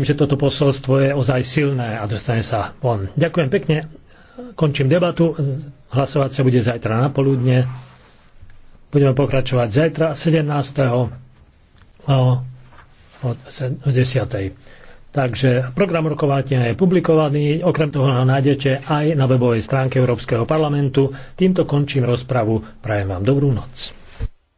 že toto posolstvo je ozaj silné a dostane sa von. Ďakujem pekne. Končím debatu. Hlasovať sa bude zajtra na poludne. Budeme pokračovať zajtra 17. o, o 10. Takže program rokovania je publikovaný, okrem toho ho nájdete aj na webovej stránke Európskeho parlamentu. Týmto končím rozpravu, prajem vám dobrú noc.